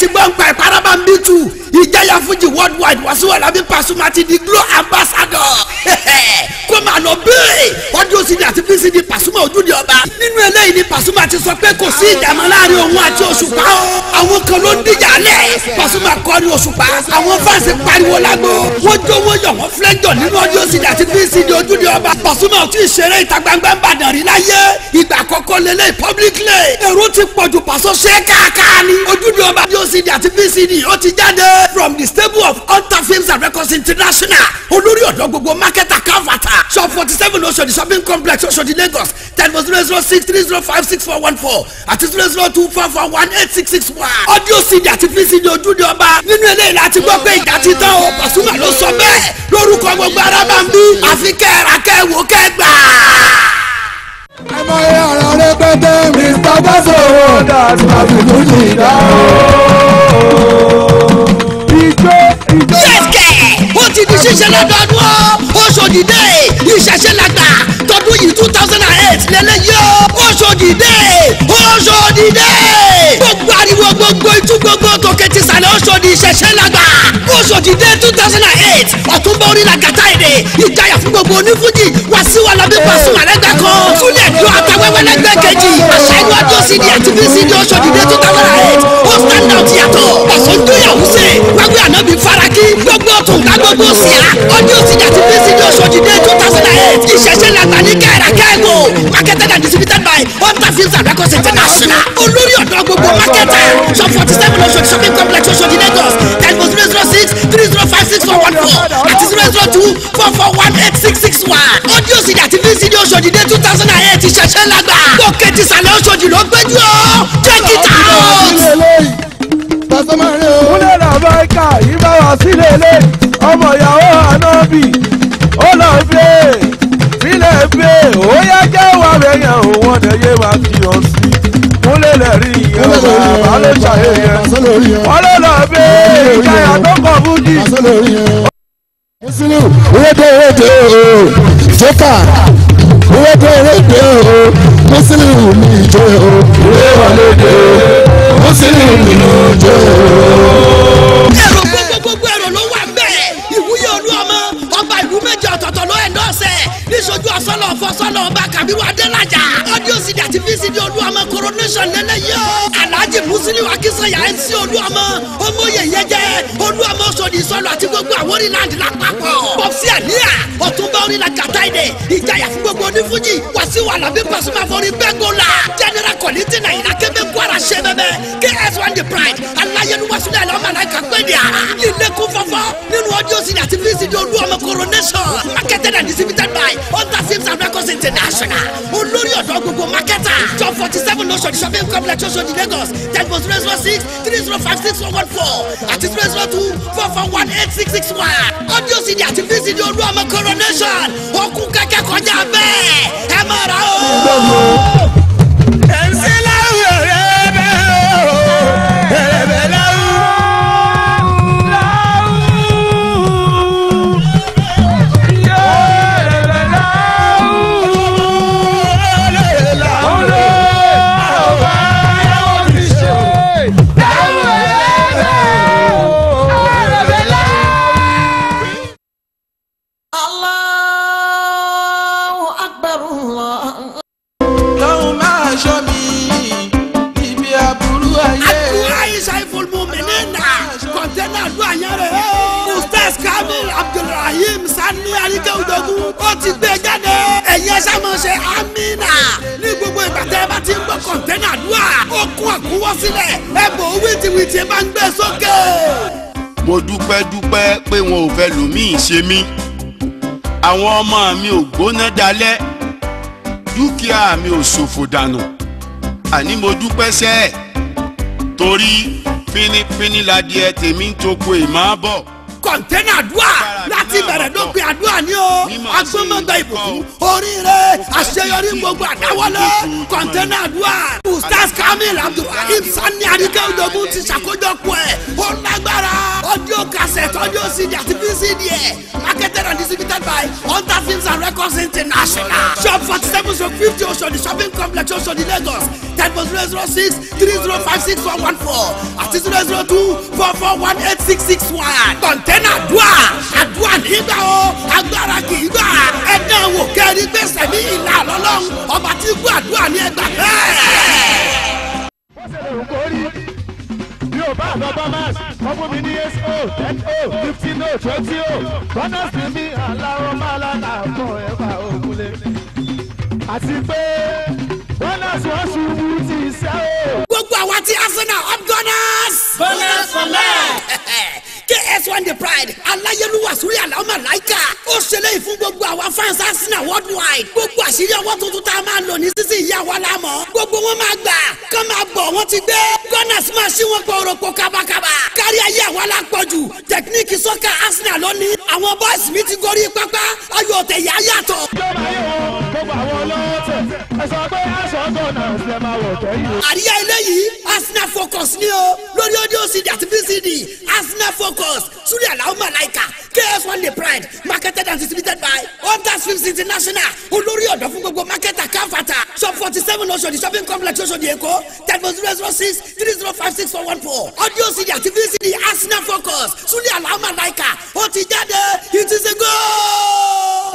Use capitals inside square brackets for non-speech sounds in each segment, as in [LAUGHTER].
ti gbọ́ ń pa ìparaba ń bí tù ìjẹyà fújì worldwide Wasiu Alabi Pasuma ti di glow ambassador [LAUGHS] kó máa lọ bẹ́ẹ̀ ọdún òsì àti pcd Pasuma ojúde ọba nínú eléyìí ni Pasuma ti sọ pé kò sí ìjàmọ́ láàrin òun àti òṣùpá o àwọn kan ló ń dìjà lẹ̀ Pasuma kọrin òṣùpá àwọn fáǹsì pariwo lágbo wọ́n jó wọ́n yọ̀ wọ́n flẹ́jọ̀ nínú ọdún òsì àti pcd ojúde ọba Pasuma ò tí ì ṣeré ìta gbangba ń bàdàn rí láyé ìgbà àkọ́kọ́ lélẹ̀ from the stable of hunter films and records international olórí ọ̀dọ́ gbogbo marketer kavata shop forty seven oṣodi shopping complex oṣodi lagos telephone zero zero six three zero five six four one four àti zero zero two four four one eight six six one audio cd àti pcd ojúde ọba nínú eléyìí láti gbọ́ pé ìjà ti tán o Pasuma ló sọ bẹ́ẹ̀ lórúkọ gbogbo ara máa ń bí àfi kẹ́ẹ̀rà kẹ́ẹ̀wò kẹ́ẹ̀gbà. ẹ mọ iye ọ̀rọ̀ rẹpẹtẹ mr gbàsó dàtí àfikún jìdá o yẹ́sìkẹ́ ó ti di ṣíṣe lọ́dọọdún ó Oṣòdì Day ìṣẹ̀ṣe làgbà tọdún yìí two thousand and eight lẹ́lẹ́yìí ó Oṣòdì Day Oṣòdì Day gbogbo ariwo gbogbo itú gbogbo tòkè ti sàlẹ̀ Oṣòdì ìṣẹ̀ṣe làgbà Oṣòdì Day two thousand and eight ọ̀túnbọ̀ orí la gàtá èdè ìjayà fún gbogbo wa Wasiu Alabi Pasuma lẹ́gbẹ́ kan Túnde Dúró àtàwẹ́wẹ́ lẹ́gbẹ́ kejì àṣà ìwádìí òsì di àti bíi sí di Oṣòdì Day two thousand and eight ó stand out yàtọ̀ gbogbo tùǹkà gbogbo síra ọdún síjà ti bí síjọ sọjídé two thousand and eight ìṣẹ̀ṣẹ̀ làgbà ní kẹ́ẹ̀rà kẹ́ẹ̀gbò marketed and distributed by hunter films and records international olórí ọ̀dọ́ gbogbo marketer shop forty seven oṣooṣi shopping complex oṣooṣi lagos telephone zero zero six three zero five six four one four àti zero zero two four four one eight six six one ọdún síjà ti bí síjọ sọjídé two thousand and eight ìṣẹ̀ṣẹ̀ làgbà gòkè ti sàlẹ̀ oṣooṣi ló gbẹ́jú ọ́ take it out. Tàṣẹ́ máa ń ọ̀rọ̀ sílẹ̀ lé ọmọ ìyàwó ànábì ó lọ gbé sílẹ̀ gbé ó yá jẹ́ wà lẹ́yìn òun ọ̀dẹ̀ yé wa fi hàn sí kúnlẹ̀ lẹ́rí ìyàwó àbá ló ṣàyẹyẹ wọ́n ló lọ gbé ìjayà tó kọ̀ fújì. Musiliu, wéde wéde ooo, Jeka, wéde wéde ooo, Musiliu mi jẹ ooo, wéwà léde ooo, Musiliu mi lọ. ń sí olúwa ọmọ yẹ̀yẹ́ jẹ́ olúwa mọ́ sọ̀dí sọ̀lọ̀ àti gbogbo àwọn orílẹ̀-èdè lápapọ̀ bọ̀sí àníyà ọ̀túnba orílẹ̀ kàtáìdè ìjayà fún gbogbo onífújì Wasiu Alabi Pasuma forí bẹ́ńgò la general kọ̀lẹ́tì nàìjíríà kébé kwara ṣe bẹ́bẹ́ ks one the pride alayélujára sílẹ̀ lọ́mọ Lagos International olórí ọ̀dọ́ gbogbo mákẹ́tà top forty seven lọ́sọ̀ ní shopping complex ṣoṣo ní Lagos telephone zero zero six three zero five six one one four àti zero zero two four four one eight six six one audio cd àti vcd olú ọmọ coronation ó kún kẹ́kẹ́ kọjá bẹ́ẹ̀ ẹ máa rà ó. dúpẹ́ dúpẹ́ pé wọn ò fẹ́ lòmíì ṣe mí àwọn ọmọ mi ò gbóná dalẹ̀ dúkìá mi ò ṣòfò dànù àní mo dúpẹ́ sẹ́ ẹ̀ torí fínífíní ladìẹ tèmi ń toko ìmọ̀ bọ̀. kọ̀ńténà àdúrà láti bẹ̀rẹ̀ dópin àdúrà ni o agbọ́mọgbà ìbùkún oríire àṣeyọrí gbogbo àdáwọlé kọ̀ńténà àdúrà. ustaz kamil abdulrahim sani adike ojogun ti ṣàkójọpọ̀ ẹ̀ ó lágbára audio cassette audio cd àti vcd ẹ̀ marketed and distributed by hunter films and records international shop forty seven stroke fifty oṣodi shopping complex oṣodi lagos telephone zero zero six three zero five six four one four àti zero zero two four four one eight six six one kọ̀ńtẹ́nà àdúrà àdúrà nígbà o agbára kì í gbà ẹ̀dá wò kẹ́rin gbèsè ní ìlà lọ́lọ́run ọba tí gbọ́ àdúrà ní ẹgbàá bẹ́ẹ̀. bá àdọ́gbọ́n max ọmọ mi ní eight o ten o fifteen o twenty o bọ́nà sí mi aláwọ̀ máa lánà fún ẹ̀fà ògúnlé. àti pé bọ́nà sí ṣubú ti iṣẹ́ o. gbogbo àwa tí arsenal up gunners. bọ́nà sọ̀lẹ̀. [LAUGHS] js1 the pride aláyélúwà sórí àlámà láìka ó ṣẹlẹ̀ fún gbogbo àwa fans Arsenal worldwide gbogbo àṣírí ọwọ́ tuntun tá a máa lò ní sísè ìyá wa lámọ̀ gbogbo wọn máa gbà kán máa bọ̀ wọ́n ti gbé gunners máa ṣí wọn pọ̀ òròpọ̀ kábàkábà kárí ayé àwa la pọ̀ jù tẹkiníkì sọ́kà Arsenal lónìí àwọn boys mi ti gorí pápá ayò tẹ̀ yá yàtọ̀. ìjọba yóò gbogbo àwọn ọlọ́tẹ̀ ẹ sọ pé aṣọ gunners lè máa wọ̀ tẹ́ àríyá eléyìí Arsenal focus ni o lórí audio CD àti VCD Arsenal focus August Suri Alao Malaika KS One Day Pride marketed and distributed by Omdas Films International olórí ọ̀dọ́ fún gbogbo marketer káfàtà shop forty seven Oṣòdì shopping complex Oṣòdì Èkó telephone zero zero six three zero five six four one four audio CD àti VCD Arsenal Focus Suri Alao Malaika ó ti jáde it is a goal.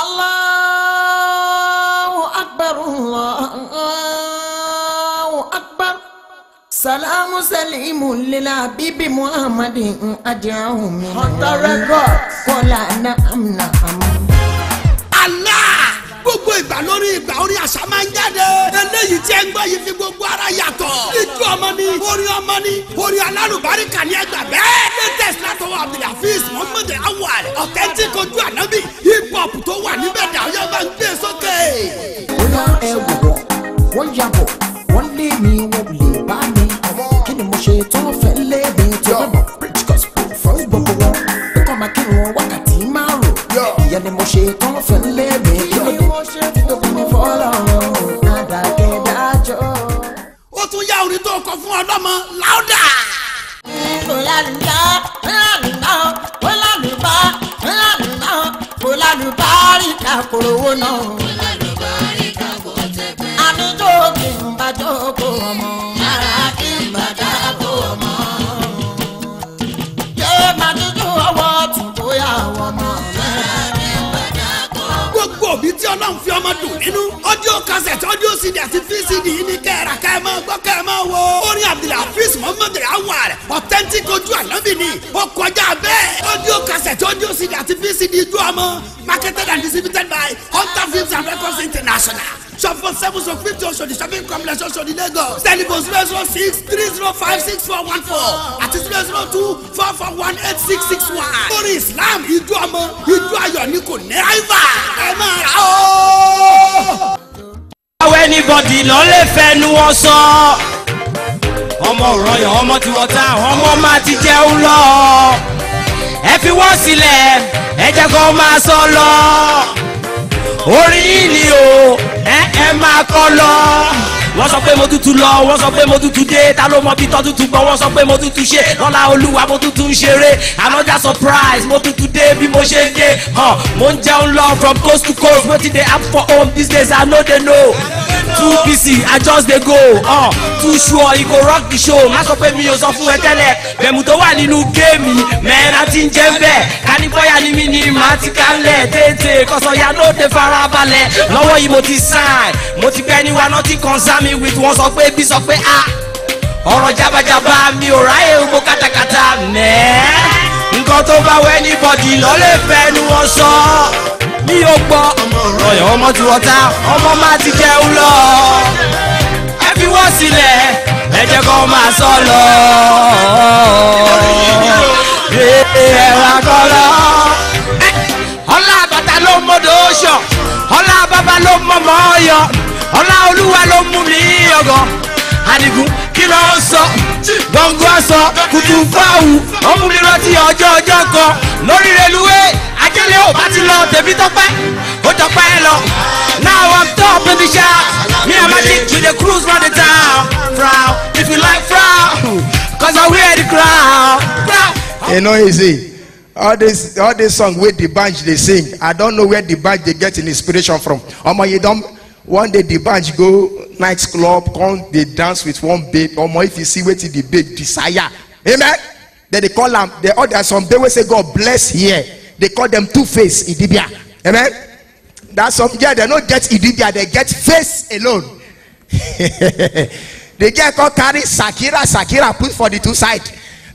Allah. salamu salimu lila bibi muhammadi n ajahu mi. hunter record. na amna amu. Allah gbogbo ìgbà lórí ìgbà orí àṣà máa ń jáde. eléyìí tí ẹ ń gbọ́ yìí fi gbogbo ara yàtọ̀. ìjú ọmọ ni orí ọmọ ni orí alárùbáríkà ni ẹ gbà bẹ́ẹ̀. latest látọwọ́ abdulhafiz muhammed awal authentic ojú ànábì hip hop tó wà níbẹ̀ dà ọ́ yẹ máa ń gbé sókè. ó lọ ẹ wọ̀ wọ́n wọ́n lé mi wọ́n lè bá mi lóbìnrin tó fẹ́ léde jọ rich cos fún gbogbo wọn pé kọ́ máa kírun wákàtí márùn-ún ìyẹn ni mo ṣe tán fẹ́ léde jọ tóbi ní fọlọ́run adákẹ́dájọ́. ó tún yá orin tó kọ fún ọlọ́mọ láódà. kò lálùbá kò lálùbá kò lálùbá kò lálùbá kò lálùbá rí kakoro náà. ọlọ́run fi ọmọ dùn nínú audio cassette audio cd àti vcd yìí ní kẹ́ẹ̀rà kẹ́ẹ̀mọ́ gbọ́ kẹ́ẹ̀mọ́ wo orin abdulhafiz muhammed awar authentic ojú ànábì ni ó kọjá bẹ́ẹ̀ audio cassette audio cd àti vcd ju ọmọ marketed and distributed by hunter films and records international ṣọ̀fọ̀ seven ṣọ̀ fifty Oṣòdì shopping complex Oṣòdì Lagos telephone zero zero six three zero five six four one four àti zero zero two four four one eight six six one. lórí Islam ijó ọmọ ijó ayọ̀ ni kò ní àìfà ẹ máa rà ó. how anybody ló lè fẹnu wọn sọ ọmọ òrànyàn ọmọ tiwọn tá ọmọ máa ti jẹun lọ ẹ fi wọ́n sílẹ̀ ẹ jẹ́ kó máa sọ lọ orí ni o ẹ ẹ máa kọ lọ wọ́n sọ pé mo tútù lọ wọ́n sọ pé mo tútù dé ta ló mọ bí tọ́ tútù gbọ́ wọ́n sọ pé mo tútù ṣe lọ́la olúwa mo tútù ń ṣeré another surprise mo tútù dé bí mo ṣe dé mo ń jẹun lọ from coast to coast wetin dey happen for home these days i no dey know Too busy, i just dey go uh, too sure e go rock the show má sọ pé mi ò sọ fún ẹ tẹ́lẹ̀ bẹ̀mù tó wà nínú géèmì mẹ́ẹ̀ẹ́nà tí ń jẹ́ bẹ́ẹ̀ kánífọ́yà ni mí ni màá ti kálẹ̀ tètè kọ̀sọ̀yà ló dé farabalẹ̀ lọ́wọ́ yìí mo ti sign mo ti gbẹ́ wa náà ti concern mi wit wọ́n sọ pé bí sọ pé a ah, ọ̀rọ̀ jábàjábà mi ò ráyè gbogbo kátàkátà mẹ́ẹ́ nǹkan tó bá wẹ́ ní bọ̀dì lọ́lẹ̀ fẹ́nu wọn sọ mi ò gbọ́ ọ̀yọ̀ ọmọ ti wọ́ta ọmọ má ti jẹun lọ ẹ fi wọ́n sílẹ̀ ẹ jẹ́ kó máa sọ lọ ẹ̀rọ akọ́lọ́ ọlá àbàtà ló mọ̀dọ́ ṣọ ọlá bàbá ló mọ̀mọ́ ọyọ ọlá olúwa ló mú mi yọgàn Àdìgún kí ló ń sọ gbọ̀ngàn sọ kùtù fáwù ó mi rántí ọjọ́ ọjọ́ kan lórí reluwé ajẹ́lé ò bá ti lọ tèmi tọ́pẹ́ ó tọ́pẹ́ lọ now I'm top in the shop me and my chick we dey cruise round the town frown if you like frown cause I wear the crown frown. e no easy all this all this song wey the band dey sing i don know where the band dey get im inspiration from omo you don one day the bunch go night club come dey dance with one babe omo if you see wetin the babe desire amen then they call am the other some babe wey say god bless here they call them two face idibia amen that some girl yeah, dem no get idibia dem get face alone the girl come carry sakira sakira put for the two side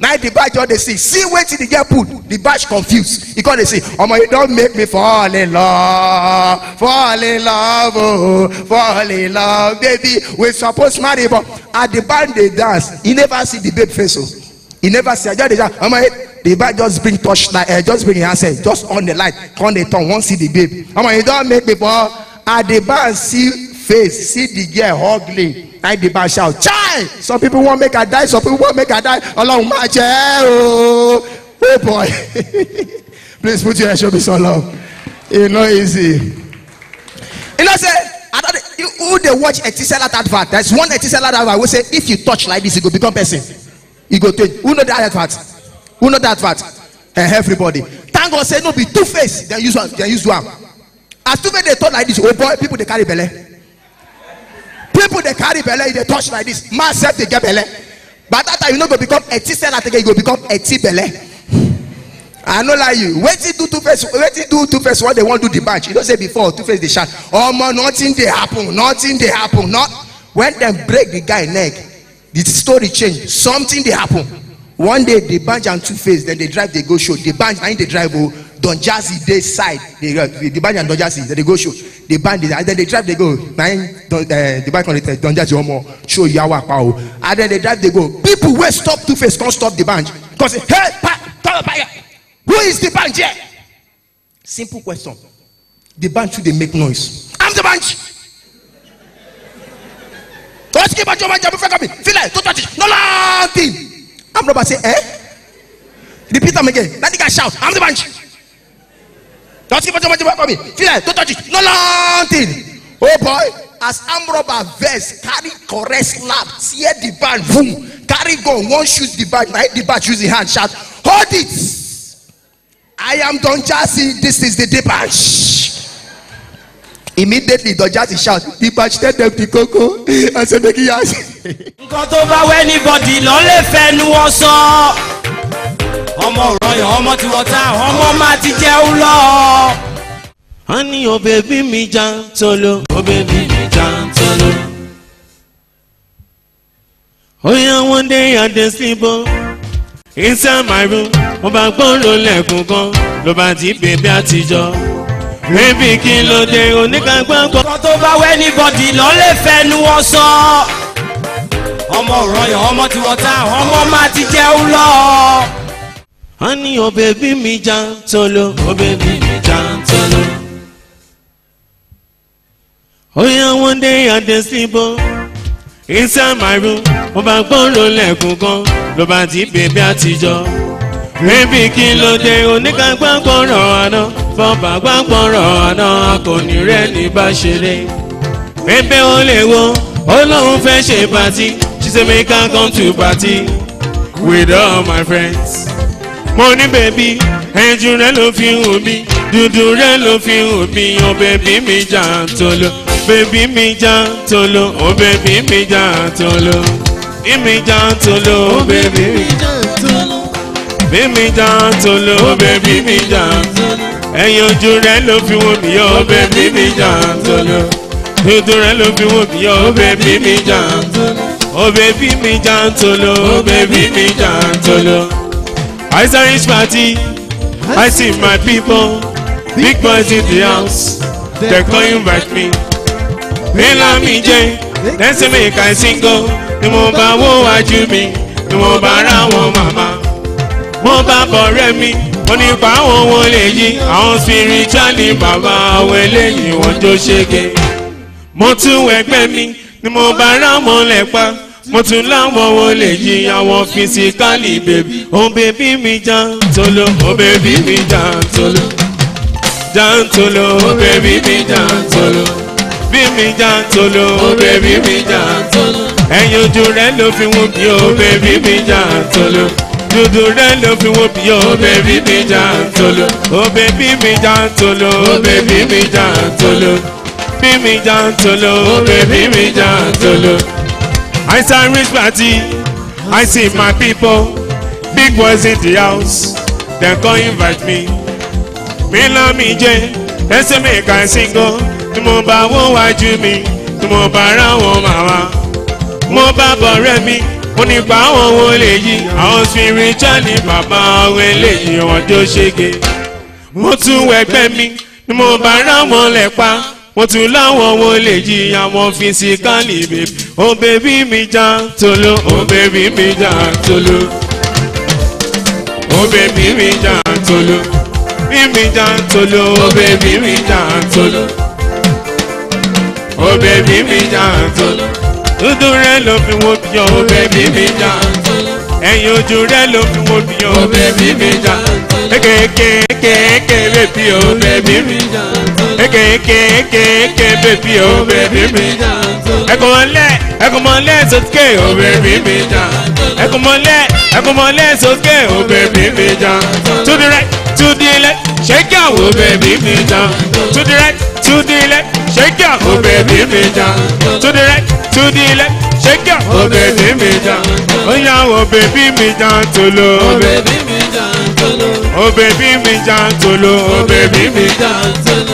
na the batch don dey see see wetin the girl put the batch confuse e come dey say omo you don make me fall in love fall in love oh fall in love baby we suppose marry but as the band dey dance e never see the babe face o oh. e never see i just dey shout omo the babe just bring touch light uh, eh, just bring handset just on the light come dey turn wan see the babe omo you don make me fall as the band see face see the girl ugly and the man shout chai some people wan make her die some people wan make her die ọlọ́run máa jẹ ẹ́ oh boy [LAUGHS] please put your hand show me some love e no easy you know say another who dey watch etisalat advert there is one etisalat advert wey say if you touch like this you go become person you go change who know that advert who know that advert eh everybody thank god say no be two face dem use one dem use one as two face dey talk like this oh boy people dey carry belle people dey carry belle you dey touch like this man sef dey get belle but that time you no go become eti seller again you go become eti belle i no lie you wetin do two face wetin do two face what they wan do the match you know say before two face dey shout omo nothing dey happen nothing dey happen not when dem break the guy neck the story change something dey happen one day the banj and two face dem dey drive dey go show the banj na him dey drive o don jazzy dey side dey uh, the band and don jazzy dem dey go show the band dey and then they drive dey go na him don eh, the band come dey tell don jazzy omo show you how o and then they drive dey go people wey stop two face come stop the band come hey pa tell pa who is the band here simple question the band too dey make noise i'm the band kò sí kí bàjọ́ bàjọ́ bí fẹ́ kọ́ mi filẹ̀ tó tọ́jú nọ́lá tí i'm rọ́bà say eh repeat am again na the guy shout i'm the band. Don't keep on me. Feel like, don't touch it. No nothing. Oh boy. As arm robber vex, carry correct slap, tear the band, boom. Carry gun, one shoot the band, right? The band use the hand, shout, hold it. I am Don Jazzy, this is the debanch. Immediately, Don Jazzy shout, the band tell them the coco. I said, make it yes. Nǹkan tó bá wẹ́ anybody lọ lè fẹ́ nu wọ́n sọ ọmọ òrọyọ ọmọ ti wọta ọmọ máa ti jẹun lọ. wọ́n ní òbẹ̀bí mi jantolo. òbẹ̀bí mi jantolo. oya one day i dey sleep o oh. inside my room mo bá gbọ́rọ̀ lẹ́kùn kan ló bá ti bèbí àtijọ́ níbi kí ló dé onígbàgbọ́. ọ̀rọ̀ tó bá wẹ́ ní bọ́dì lọ́lẹ̀ fẹnu wọn sọ. ọmọ òrọ̀yọ̀ ọmọ tí wọ́n ta ọmọ máa ti jẹun lọ wọ́n ní o bèbí mi jantolo. o bèbí mi jantolo. Oh yeah, one day I dey sleep o. Inside my room, mo bá gbọ́rọ̀ lẹ́kùn kan ló bá di bèbí àtijọ́. Rébí kí ló dé oníkàgbà gbọ́rọ̀ àná, fọ́nbà gbà gbọ́rọ̀ àná, akọni rẹ̀ ní bá ṣeré. Bébé ó lè wo, ó lóun fẹ́ ṣe pàtí, she say make I come to party with all my friends mo ní bèbí ẹ̀jú rẹ ló fi hù mí dúdú rẹ ló fi hù mí o bèbí mi jàǹtolo bèbí mi jàǹtolo o bèbí mi jàǹtolo bí mi jàǹtolo o bèbí mi jàǹtolo bí mi jàǹtolo o bèbí mi jàǹtolo ẹ̀yin ojú rẹ ló fi hù mí o bèbí mi jàǹtolo dúdú rẹ ló fi hù mí o bèbí mi jàǹtolo o bèbí mi jàǹtolo o bèbí mi jàǹtolo. I say rich party, I see my people, big boys in the house, they call you back me. They love me, Jay, they say make I single, ni mo bá wo wájú mi, ni mo bá ra wọn màmá. Mo bá bọ̀rẹ́ mi, mo nípa àwọn wọn lè yí, spiritually Baba àwọn eléyìí wọ́n jó ṣege. Mo tún ẹgbẹ́ mi, ni mo bá ra wọn lẹ̀ mo tún láwọn wo lè yí àwọn fisikálì bèbí òun bèbí mi jàǹtolo òun bèbí mi jàǹtolo jàǹtolo òun bèbí mi jàǹtolo bí mi jàǹtolo òun bèbí mi jàǹtolo ẹ̀yin ojú rẹ̀ ló fi wọ́n bí òun bèbí mi jàǹtolo dúdú rẹ̀ ló fi wọ́n bí òun bèbí mi jàǹtolo òun bèbí mi jàǹtolo òun bèbí mi jàǹtolo bí mi jàǹtolo òun bèbí mi jàǹtolo. I say rich party, I see my people, big boys in the house, they come invite me. Mi lọ mi jẹ, ẹsẹ̀ mi kà sí gan, tí mo bá wọ́n wájú mi, tí mo bá ra wọn màmá. Mo bá bọ̀rẹ́ mi, mo nípa àwọn wo lè yí, àwọn spiritual ni bàbá àwọn eléyìí wọn jó ṣege. Mo tún wẹgbẹ́ mi, ni mo bá ra wọn lẹ̀ wọ́n tún láwọn wo lè jìyà wọn fisikali babe o oh, bèbí mi já tolo o oh, bèbí mi já tolo o oh, bèbí mi já tolo mi já tolo o bèbí mi já tolo o bèbí mi já tolo dúdú rẹ ló fi wo bí o bèbí mi já tolo ẹ̀yìn ojú rẹ ló fi wo bí o bèbí mi já tolo ekekekeke baby oh baby ekekekeke baby oh baby ẹkùnmọ́lẹ̀ ẹkùnmọ́lẹ̀ sókè oh baby ẹkùnmọ́lẹ̀ ẹkùnmọ́lẹ̀ sókè oh baby to the right to the left shake your oh baby to the right to the left shake your oh baby to the right to the left shake your oh baby ó yá oh baby mi dán tó lọ. Oh baby mi jantolo. Oh baby mi jantolo.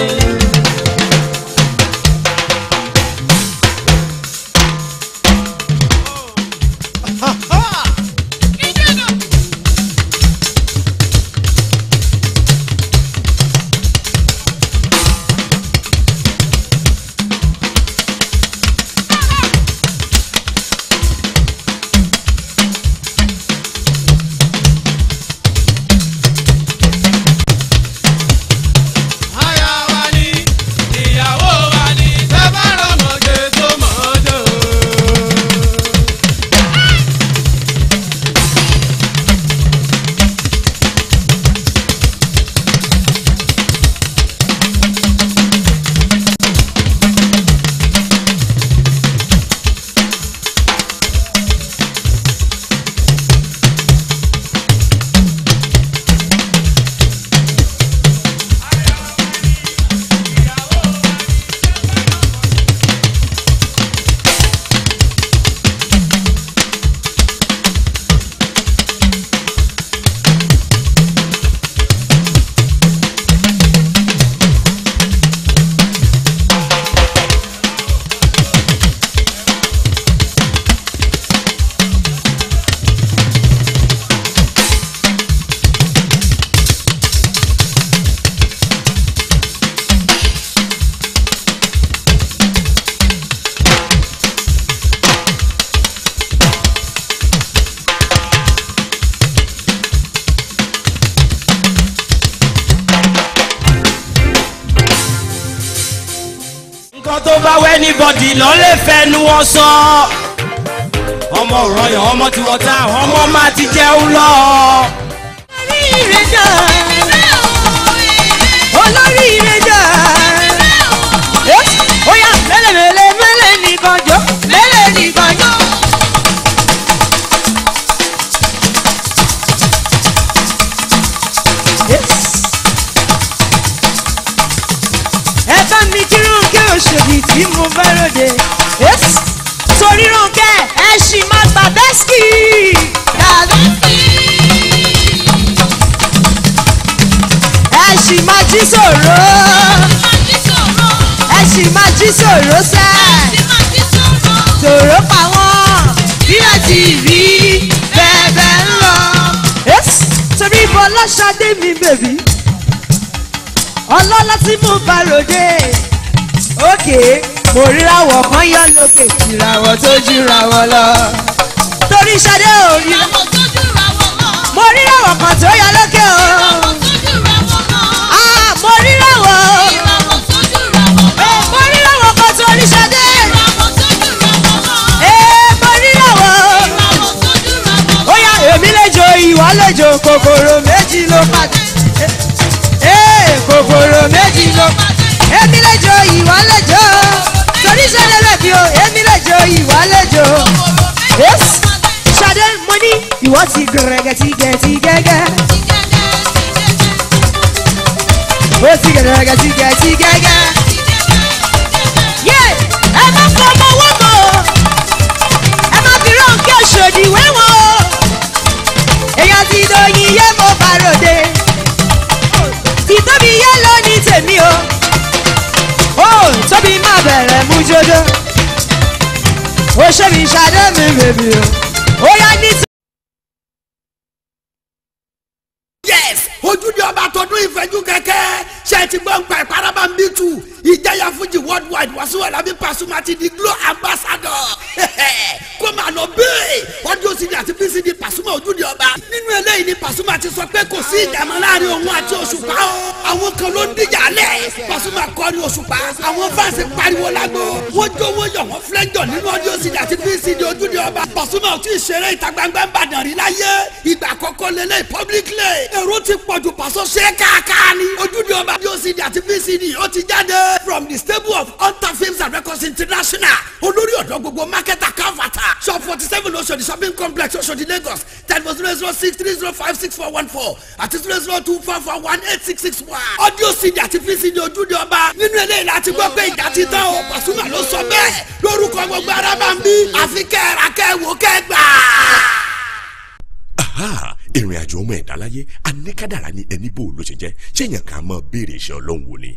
àdìlọ́ lè fẹnu wọn sọ ọmọ òrànyàn ọmọ tiwọn tá ọmọ máa ti jẹun lọ. olórí ìrẹsà olórí Kazaski. Kazaski. Ẹ ṣì máa jí sòrò. Ẹ ṣì máa jí sòrò sẹ́. Sòrò pa wọ́n. DSTV bẹ̀bẹ̀ ń lọ. Torí bọ́lá ṣadé mi bèbí. Ọlọ́lá tí mo bá ròde. Ókè. Okay mo ríra wọ̀ kán yọ lókè ìràwọ̀ tó jùra wọn lọ torí ṣadé òrí lọ. mo rí ràwọ̀ kan tó yọ lókè o. Ah, mo rí ràwọ̀ eh, mo rí ràwọ̀ kan tó rí ṣadé. Eh, mo rí ràwọ̀ ó yá èmi lẹ́jọ́ ìwà lẹ́jọ́ kòkòrò méjì ló pàdé. Eh, kòkòrò méjì ló pàdé. èmi lẹ́jọ́ ìwà lẹ́jọ́ torí ṣadé lẹ́bi o èmi lẹ́jọ́ ìwà lẹ́jọ́ ìwọ ti gẹrẹgẹ ti gẹ ti gẹgẹ. ó ti gẹrẹgẹ ti gẹ ti gẹgẹ. yé ẹ má fọ ọmọ owó mọ ẹ má fi rónkẹ́ òṣòdì wẹ́wọ̀n o èèyàn ti doyin yé mo bá ròde títóbi yé lónìí tèmi o ó tóbi má bẹ̀rẹ̀ mú Oh, ó ṣe mi ṣàdé mi bèbí o ó yá ní. yes ojúde ọba tọdún ìfẹ́jú kẹ̀kẹ́ ṣe ti gbọ́ npa ìparaba ń bí tu ìjẹyà fújì worldwide Wasiu Alabi Pasuma ti di glo ambassador [LAUGHS] kó máa lọ bẹ́ẹ̀ ọdún òsì ni àti bísí di Pasuma ojúde ọba eléyìí ni Pasuma ti sọ pé kò sí ìjàmọ́ láàrin òun àti Òṣùpá o àwọn kan ló ń díjà lẹ̀ Pasuma kọrin Òṣùpá àwọn fáǹsì pariwo lágbo wọ́n jó wọ́n yọ̀ wọ́n flẹ́jọ̀ nínú ọdún òsì àti pcd ojúde ọba Pasuma ò tí ì ṣeré ìta gbangba ń bàdàn rí láyé ìgbà àkọ́kọ́ lélẹ̀ publicly èrò ti pọ̀jù Paso ṣe káàkáà ni ojúde ọba ọdún òsì àti pcd ó from the stable of hunter and records international olórí ọ̀dọ́ gbogbo marketer kanfata shop forty seven Oṣòdì shopping complex Oṣòdì Lagos telephone zero five six four one four àti zero zero two four four one eight six six one. audio cd àti vcd ojúde ọba nínú eléyìí láti gbọ́ pé ìjà ti tán o Pasuma ló sọ bẹ́ẹ̀ lórúkọ gbogbo ara máa ń bí àfi kẹ́ẹ̀rà kẹ́ẹ̀wò kẹ́ẹ̀gbà. aha ìrìn àjò ọmọ ẹ̀dá láyé anikádàrá ni ẹni bò ló ṣe jẹ́ ṣé èèyàn kà á mọ béèrè iṣẹ́ ọlọ́run wò ni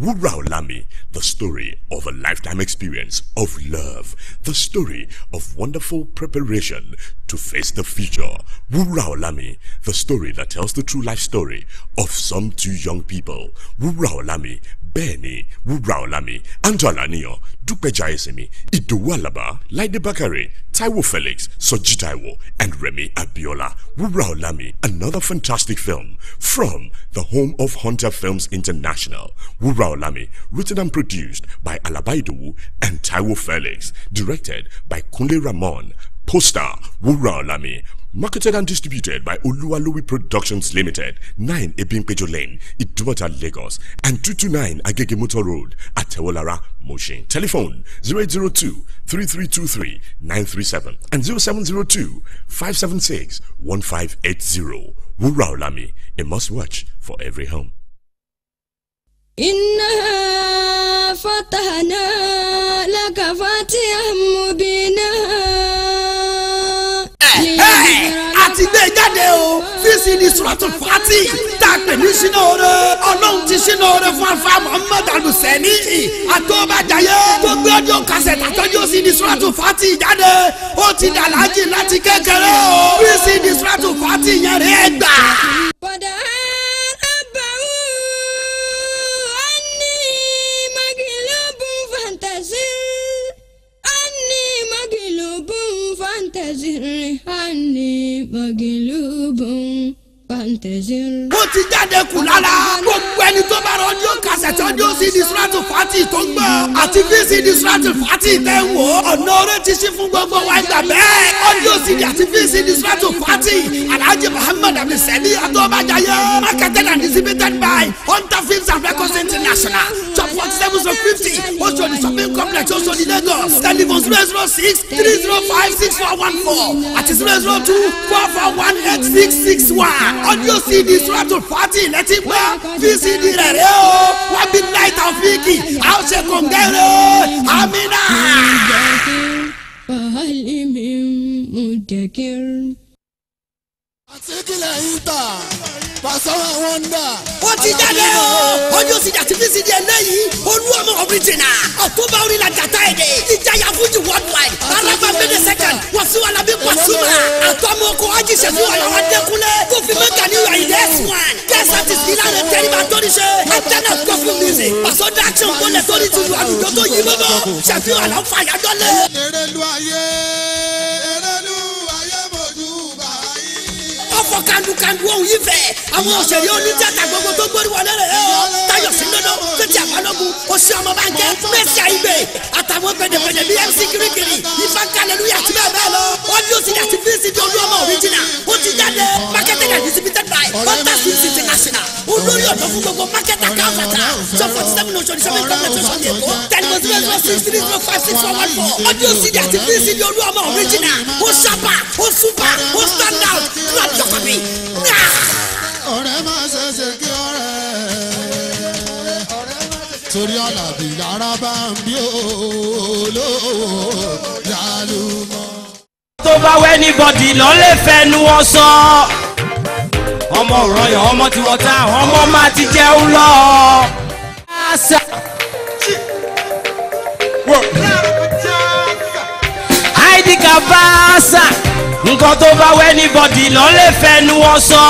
Rao Lami, the story of a lifetime experience of love, the story of wonderful preparation to face the future. Rao Lami, the story that tells the true life story of some two young people. Wura Lami. Benny, wúrà ọlámi andrew alaniyan dúpẹ́jà ẹ̀sìnmi ìdòwú àlàbá láìdé bákàrẹ̀ taiwo felix sọjí taiwo and remi abiola wúrà ọlámi another fantastic film from the home of hunter films international wúrà ọlámi written and produced by Alabaidu and taiwo felix directed by kunle ramon poster wúrà ọlámi Marketed and distributed by Oluwalowi Productions Limited, 9 Ebimpejo Lane, Idumota, Lagos, and 229 Agegemoto Road, Atewolara, Moshin. Telephone 937 and 0702-576-1580. Wuraulami, a must-watch for every home. Inna فتحنا لك فاتحا مبينا bẹ́ẹ̀ àti gbé jáde o fíìsì ní fati tá a pè ní sínú oore ọlọ́run ti sínú oore fún afa muhammadu aluseni àtọ́bàjáyé tó gbé ọdún kásẹ̀ tàtọ́jú sí ní fati jáde ó ti dàlájì láti kékeré o fíìsì ní fati yẹn rẹ̀ gbà. فانتظر أني مغلوب فانتظر. mo ti jáde kù lára gbogbo ẹni tó bá rọ ọdún kàṣẹ̀tì ọdún sí di sùràtù fàtì tó ń gbọ́ àti fíìsì di sùràtù fàtì tẹ̀ ń wò ọ̀nà oró ti ṣí fún gbogbo wa ìgbà bẹ́ẹ̀ ọdún sí di àti fíìsì di sùràtù fàtì alhaji muhammad abdulsani atọ́bajayé marketed and distributed by hunter films and records international shop forty seven zero fifty oṣù the shopping complex oṣù the Lagos telephone zero zero six three zero five six four one four At zero zero two four four one eight six six one audio cd suratul fati lẹ́tí gbọ́ vcd rẹ̀ rẹ̀ o wọ́n bí láì tàn fíìkì a ó ṣe kòǹgẹ́rẹ́ o amina àtìkìlẹ̀ yìí tà pàṣẹwà wọn dà. ó ti jáde o ọjọ́ sì jà títí sí di ẹ̀lẹ́ yìí olú ọmọ ọ̀bìrìtìnà ọ̀túnba orí la jàtá èdè ìjayà fújì worldwide alábà mẹ́tẹ̀ sẹ́kẹ̀nd wàsíù alábí pàṣùmà àtọmọkọ ọjì ṣẹ̀fù ọ̀yọ́wọ́ dẹ́kunlé tó fi mẹ́ta ní ìwà ìdẹ́ sùn. kẹsàn ti fi lálẹ́ tẹ́lifà torí ṣe àtẹnà kọfí music pàṣọ dákṣẹ̀ ń bọ́lẹ̀ torí ti lu àdúgbò tó yí wo òyìn fẹ́ àwọn òṣèré oníjàta gbogbo tó gbóríwọlé rẹ̀ ẹ́ ọ́ táyọ̀ sí lọ́dọ̀ fẹ́tì àbálọ́gùn oṣù ọmọ bá ń kẹ́ mẹ́sì àìgbè àwọn gbẹdẹgbẹdẹ bíi mc kirikiri ifá kaleluya àti bẹ́ẹ̀ bẹ́ẹ̀ lọ audio cd àti vcd olúọmọ original ó ti jáde marketed and distributed by Hunters Mills International olórí ọ̀dọ́ fún gbogbo market account àtà So forty seven oṣù ní seven complex oṣù ní èkó ten point zero zero six three zero five six four one four audio cd àti vcd olúọmọ original ó ṣapa ó súpa ó stand out fún àjọkọ̀ mi. ọ̀rẹ́ máa torí Àlàbí yàrá bá ń bí olówó yálùmọ́. tó bá wẹ́ ní bọ́dì lọ lè fẹnu wọn sọ ọmọ òrànyàn ọmọ tiwọn tá ọmọ máa ti jẹun lọ. àìdí kàbáàsà nǹkan tó bá wẹ́ ní bọ́dì lọ lè wọn sọ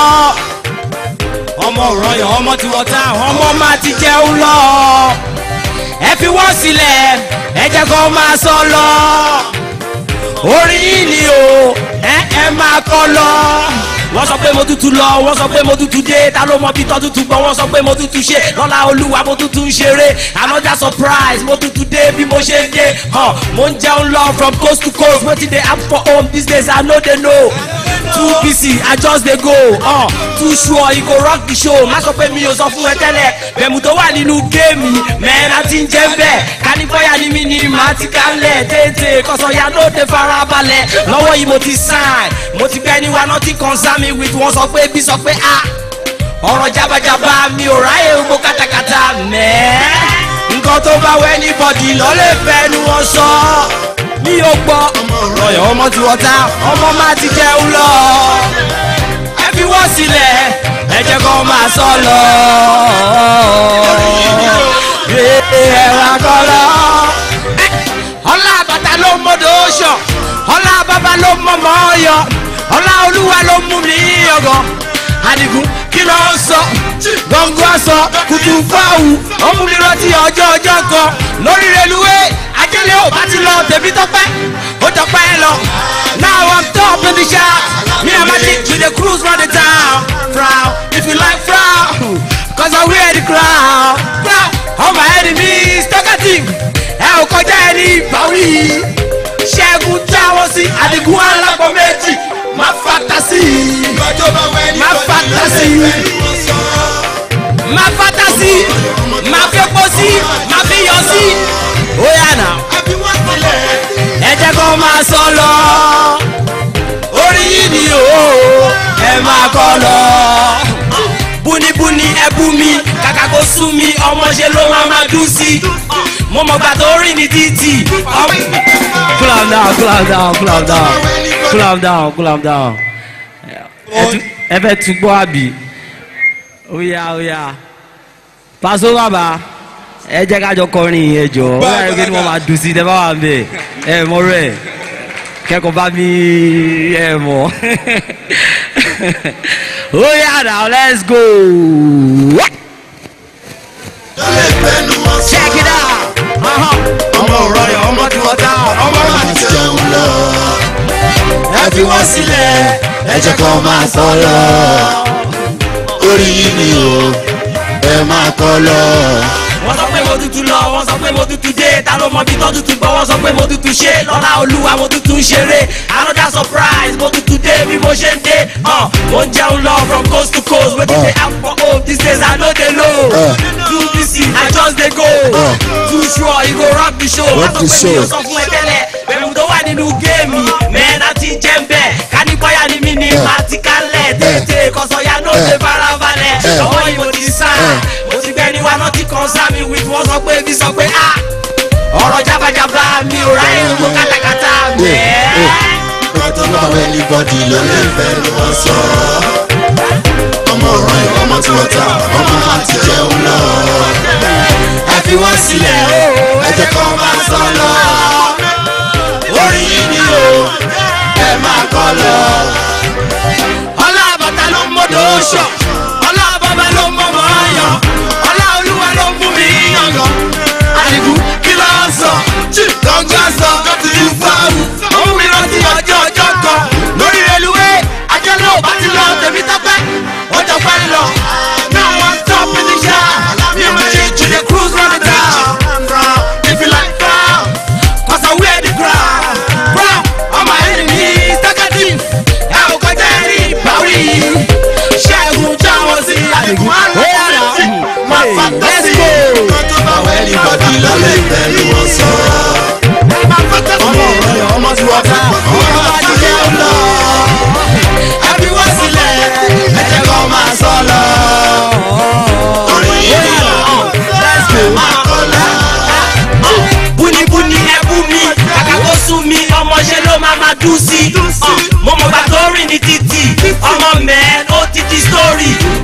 ọmọ òrànyàn ọmọ ti wọ́tá ọmọ máa ti jẹun lọ ẹ fi wọ́n sílẹ̀ ẹ jẹ́ kó máa sọ lọ orí yìí ni o ẹ máa kọ́ lọ wọ́n sọ pé mo tútù lọ wọ́n sọ pé mo tútù dé ta ló mọ bí tọ́ tútù gbọ́ wọ́n sọ pé mo tútù ṣe lọ́la olúwa mo tútù ń ṣeré another surprise mo tútù dé bí mo ṣe ń dé hàn mo ń jẹun lọ from coast to coast wetin dey happen for home these days i no dey know two pc i just dey go uh, too sure e go rock the show má sọ pé mi ò sọ fún ẹ tẹ́lẹ̀ bẹ̀mù tó wà nínú géèmì mẹ́ẹ̀ẹ́nà ti ń jẹ́ bẹ́ẹ̀ kánífọ́yà ni mí ni màá ti ká lẹ̀ tètè kọ̀sọ̀yà ló dé farabalẹ̀ lọ́wọ́ yìí mo ti sign mo ti gbẹ́ ní wa nothing concern me With wí tí wọ́n sọ pé bí sọ pé a ah, ọ̀rọ̀ jábàjábà mi ò ráyè gbogbo kátàkátà mẹ́ẹ́ nǹkan tó bá wẹ́ ní bọ̀dì lọ́lẹ̀ fẹ́nu wọn sọ ní o gbọ́ ọmọ tí wọ́n ta ọmọ má ti jẹun lọ ẹ fi wọ́n sílẹ̀ ẹ jẹ́ kó máa sọ lọ ẹ wá kọ́ lọ. ọlá àbàtà ló mọdò ó ọlá bàbá ló mọmọ ọyọ ọlá olúwa ló mú mi ọgàn Àdìgún kí ló ń sọ gbọ̀ngàn sọ kùtù fáwù ó mú mi rántí ọjọ́ ọjọ́ kan lórí reluwé ajẹ́lẹ̀ ò bá ti lọ tèmi tọ́pẹ́ ó tọ́pẹ́ lọ now I'm top in the shop me and my chick we dey cruise round the town frown if you like frown cause I wear the crown frown all my enemies talk talkative ẹ ò kọjá ẹni ìbáwí. máa fata sí máa fata sí máa fẹ́pọ̀ sí máa fi yọ sí ó yà nà ẹ jẹ́ kó máa sọ lọ orí yìí ni o ẹ máa kọ́ lọ búnibúni ẹ bú mi kàkà sú mi ọmọ ló máa máa dùn sí mo mọ̀ gbà tó rìn títì. calm down calm down calm down calm down calm down. ẹ fẹ́ abi oya oya Paso bàbá ẹ jẹ́ ká jọ kọrin yẹn jọ ó yàrá pé wọ́n máa dùn sí tẹ́fà wà ẹ mọ bá [LAUGHS] let's go. check it out fi wọ́n sílẹ̀ ẹ jẹ́ kó máa sọ lọ orí yìí ni o ẹ máa kọ lọ. wọ́n sọ pé mo tutù lọ wọ́n sọ pé mo tutù dé ta ló mọ bí tó tutù gbọ́ wọ́n sọ pé mo tutù ṣe lọ́lá olúwa mo tutù ń ṣeré another surprise mo tutù dé bí mo ṣe ń dé mo ń jẹun lọ from coast to coast wetin dey happen for oh, home these days i no dey low too busy i just dey go too sure e go rock the show wọ́n sọ pé mi ò sọ fún ẹ tẹ́lẹ̀ pẹ̀lú tó wà nínú géèmì mẹ́ẹ̀nà ti jẹ́ ń bẹ̀ kánípọ́yà ni mí ni eh. má ti kálẹ̀ eh. tètè kọ̀sọ̀yà náà ṣe eh. farabalẹ̀ ọwọ́ yìí mo ti sá mo ti gbẹ́ ni wa náà ti kàn sá mi wí wọ́n sọ pé bí sọ pé a ah, ọ̀rọ̀ jábàjábà mi ò ráyè mú kátàkátà mẹ́ẹ́. kọ́tọ́ lọ́wọ́ anybody ló lè fẹ́ ni wọ́n sọ ọmọ ọ̀rọ̀ ìwà ọmọ tí wọ́n ta ọmọ àti jẹun lọ. ẹ fi wọ́n sílẹ̀ ẹ jẹ́ kó máa sọ lọ ẹ máa kọ́ lọ. ọlá bàtà ló ń mọ́tò ṣọ ọlá bàbá ló ń mọ́mọ́ ayọ̀ ọlá olúwa ló ń mú mi yàngàn. àdìgún kí ló ń sọ jù lọ́gbà sọ kó ti ń fọ́ọ̀rù. mú mi rántí ọjọ́ ọjọ́ kan lórí reluwé ajọ́lẹ̀ ò ti lọ tèmi ó jọ pẹ́ lọ.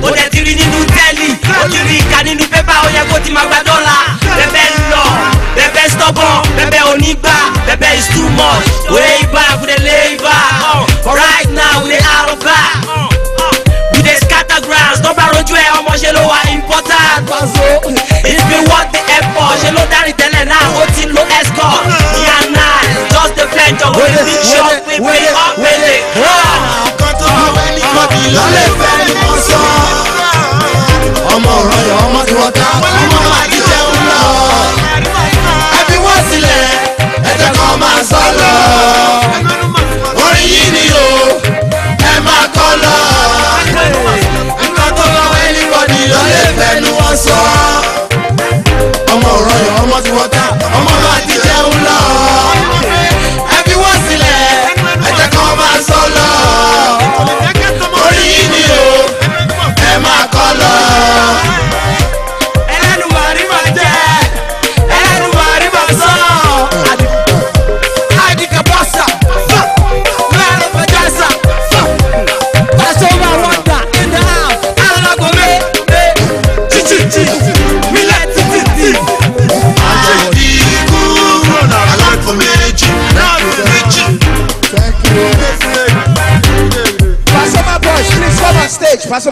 lórí ó dẹ̀ ti rí nínú tẹ́lì ó ti rí ìka nínú pépà ó yẹ kó ti máa gba dọ́là bẹ́bẹ́ lọ bẹ́bẹ́ stubborn bẹ́bẹ́ onígbà bẹ́bẹ́ is too much we dey back we dey lay back for right now we dey out of back we dey scatter grounds tó bá rojú ẹ ọmọ ṣe ló wà important it's been worth the effort ṣe ló dárí tẹ́lẹ̀ náà ó ti lo escort me and just the flenjo wey we shop we pay up wele. ọkàn tó bá wẹ́ni kò bí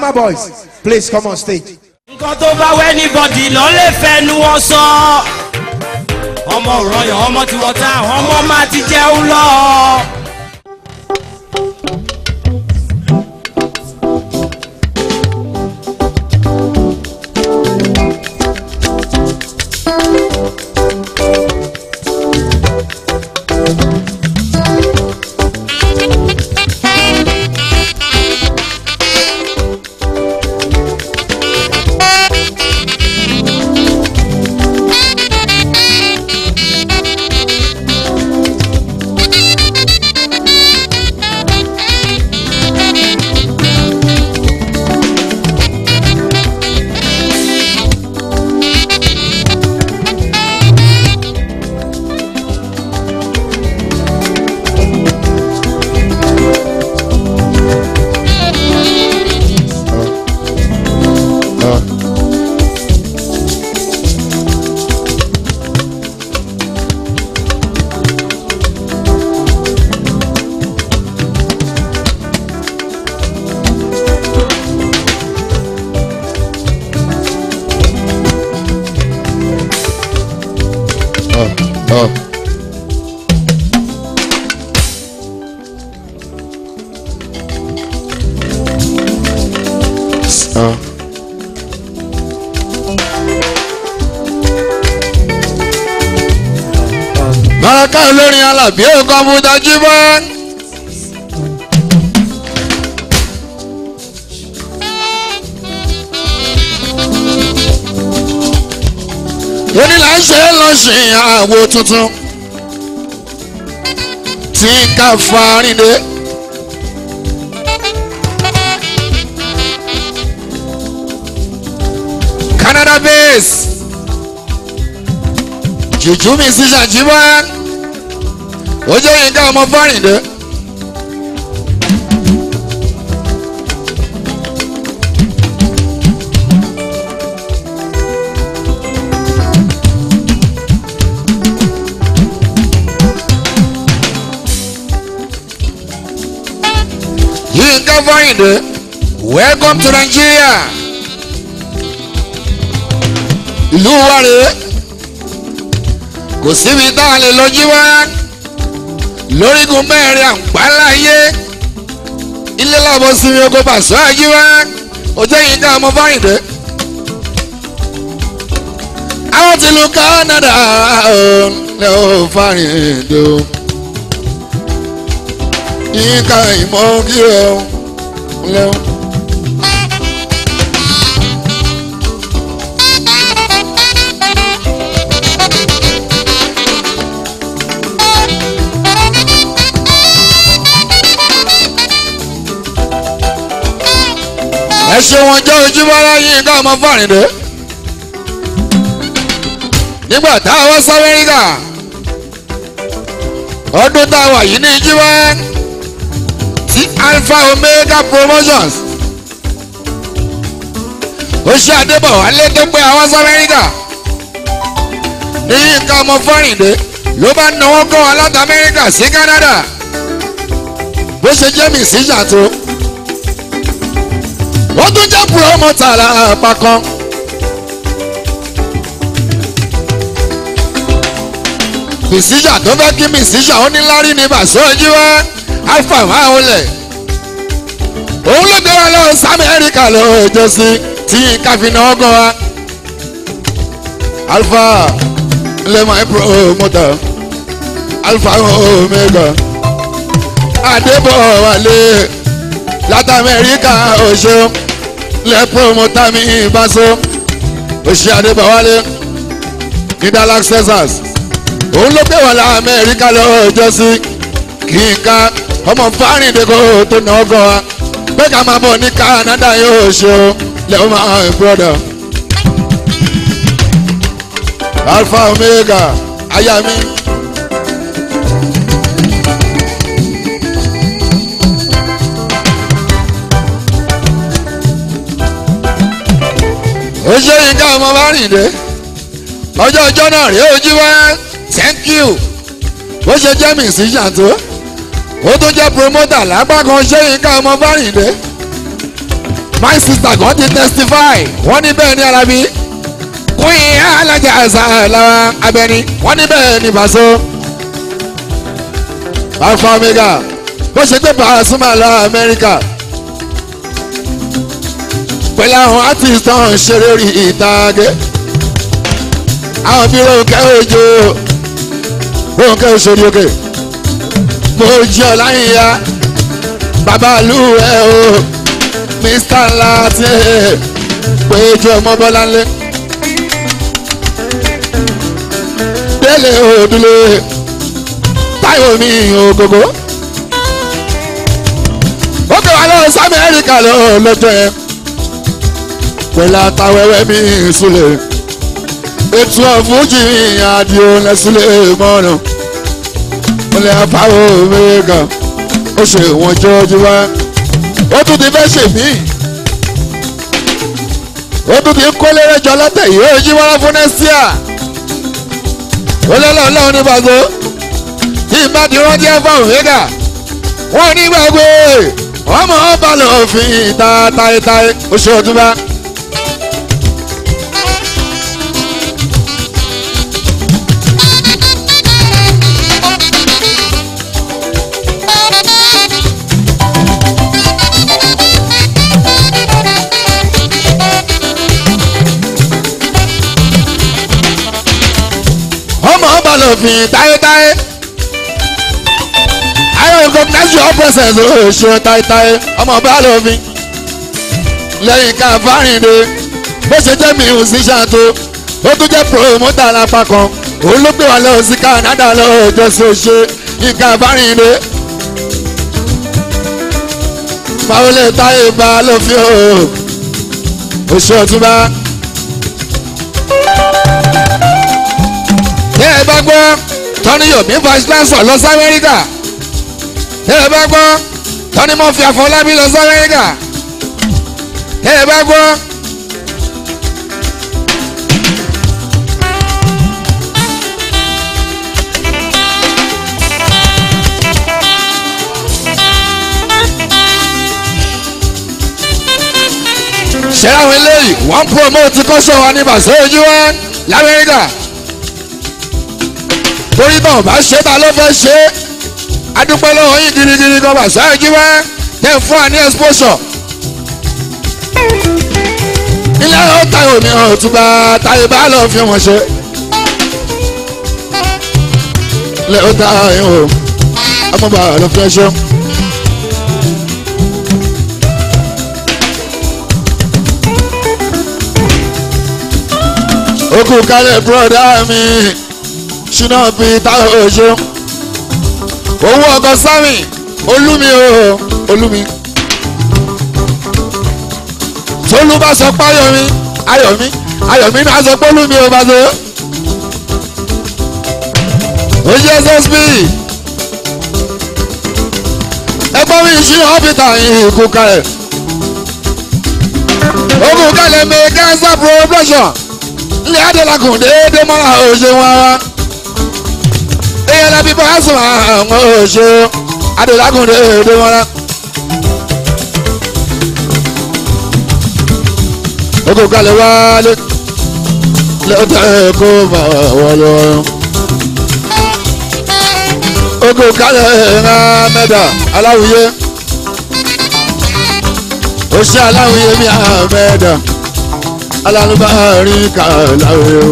Hammer Boys, please come on stage. nǹkan tó bá wẹ́ ní bọ́dì lè fẹnu wọn sọ. ọmọ òrànyàn ọmọ tí wọ́n ta ọmọ máa ti jẹun lọ. thank you Baraka olórin Alábí òkò mútajímọ́. onílà ń ṣe lọ ṣe àwo tuntun tí ń ká farinde. Canada base jùjú mi sí ojú yín ká ọmọ fárìndé. yínká fárìndé welcome to Nigeria ìlú wa rèé kò síbi tá a lè lọ jí wá lórígun mẹ́rin àgbáláyé ilé lọ́bọ̀ sinmi ogo pàṣẹ àyíwá òjò yìí dá ọmọ báyìndé. àwọn ti lu Canada ní o fàrìndò yín ká ìmọ̀ kí o lẹ́wọ̀n. ẹ ṣeun ọjọ́ ojúmọ́ láyé nǹkan ọmọ fàrìndé nígbà tá a wá sáwẹ́ríkà ọdún tá yìí ní jíwá ti alpha omega promotions ó ṣe Adébọ̀wálé tó pé àwọn sáwẹ́ríkà ní nǹkan ọmọ fàrìndé ló bá náwó kọ́ wa Amẹ́ríkà sí Canada bó ṣe jẹ́ mi sí ṣàtúnṣe ó tún jẹ́ promoter lápá kan. mìsíjà tó fẹ́ kí mìsíjà ó ní lárí ní bàṣọ ojú wá alfa wá olè òun ló dára lọ sàmẹ́ríkà ló jọ sí tí káfíńnà ọgọ́ wa alfa lè máa ń promoter alfa omega adébọ̀wálé látàmẹ́ríkà ó lẹ́pọ̀ mọ́tàmí ìbáṣọ òṣì adébáwálé ní Dallas Texas òun ló gbé wà lá Amẹ́ríkà lọ́jọ́ sí kí n ká ọmọ fárìndínlẹ́kọ̀ tó nà ọgọ́ wa pé ká máa bọ̀ ní Canada yóò ṣe o lẹ́wọ́n máa ń brọ́dọ̀. Alpha Omega aya mi. ó ṣe yín ká ọmọ bá rìn dé ọjọ́ ọjọ́ náà rèé ojú wá thank you bó ṣe jẹ́ mi sí ṣàtó ó tún jẹ́ promoter lápá kan ṣe yín ká ọmọ bá rìn dé my sister kan ti testify wọ́n ní bẹ́ẹ̀ ni Alábí queen alájà àṣà lára abẹni wọ́n ní bẹ́ẹ̀ ni bàṣọ. alfa omega bó ṣe gbé bàṣọ máa lọ Amẹ́ríkà pẹ̀lú àwọn artist tó ń ṣeré rí ìtàgé àwọn bí Ronke Ojo Ronke Osorioke mo jẹ́ ọ̀láyìnyá bàbá ìlú ẹ̀ o Mr. Latte péjú ọmọ bọ́lá ńlẹ́ délé òdúlé táyọ̀ mi ògógó ó kẹwàá lọ sí Amẹ́ríkà lọ lọ́jọ́ yẹn pẹ̀lú àtàwẹ́wẹ́ mi ìsúlẹ̀ ètò ọ̀fúnjì àdìo lẹ́sílẹ̀ mọ́nà ọlẹ́ àbáwò mẹ́gà o ṣe wọ́n jọ́jú wá ó tún ti fẹ́ ṣèmí ó tún ti kó lérẹ́jọ lọ́tẹ̀ yìí ó yí wọ́n fún nẹ́síà ó lọ́lọ́ ọlọ́run ní gbàgbó tí ìbádìí wọ́n jẹ́ fáwọn mẹ́gà wọ́n ní gbàgbé ọmọ ọba lọ́ọ́ fi táyé táyé ó ṣe ọdún bá. lòfin táyétáyé I don't recognize your presence o ṣe táyétáyé ọmọ bá lòfin lẹ́yìn ká fárìndé bó ṣe jẹ́ mi ò sí ṣàtó ó tún jẹ́ promoter lápá kan òun ló gbé wa lọ sí Canada lọ́jọ́ sí ṣe nǹkan fárìndé fàwọlé táyé bá lòfin o òṣèlú tún bá. tọ́níyọ̀mí vice chancellor lọ sí amẹ́ríkà tẹ́lẹ̀ bá gbọ́ tọ́ní mọ́fì àfọlábí lọ sí amẹ́ríkà tẹ́lẹ̀ bá gbọ́. ṣé àwọn eléyìí wọ́n promote kọ́sọ̀ wa ní bàṣẹ́ ojú wa lamẹ́ríkà torí bá ọba ṣe ta ló fẹ́ ṣe é adúpẹ́ lọ́wọ́ yín girigiri kan bàṣá ìjíwẹ́ tẹ̀ fún wa ní exposure. ilé ọ̀ táyọ̀ ní ọ̀túnba táyọ̀ bá lọ́ọ́ fi wọ́n ṣe. ilé ọ̀ táyọ̀ o ọmọọba ló fẹ́ ṣe. okùn kálẹ̀ bùrọ̀dá mi ṣúná bí táwọn ṣe. owó ọkọ sami olúmi o olúmi. tolú bá sọ pé ayọ̀mí ayọ̀mí ayọ̀mí náà sọ pé olúmi o bá sọ. oye ssb ẹgbọ́n mi ṣí ọ́fíìtà yìí kú kalẹ̀. ó kú kalẹ̀ mi cancer pro pressure ilé adélakùn déédéé mọ́ra òṣèwọ̀n ara èèyàn lọ fi Pasuma àwọn òṣè adòlágùn déédé wọn rán. ogun kalẹ̀ wálé lọ́tọ̀ kó mà wọ́n lọ. ogun kalẹ̀ rán uye, aláwùyé òṣè aláwùyé mi àmẹ́ta alálùbárí kàláwùyé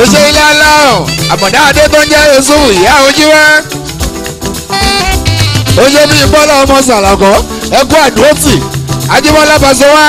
òṣè ilé aláwọ̀ àbọ̀dá adé tó ń jẹ́ yusuf ìyá ojíwá ó ṣe bí bọ́lá ọmọ sàlàkọ́ ẹkú àdúrótì ajíbọ́lá fàṣọwá.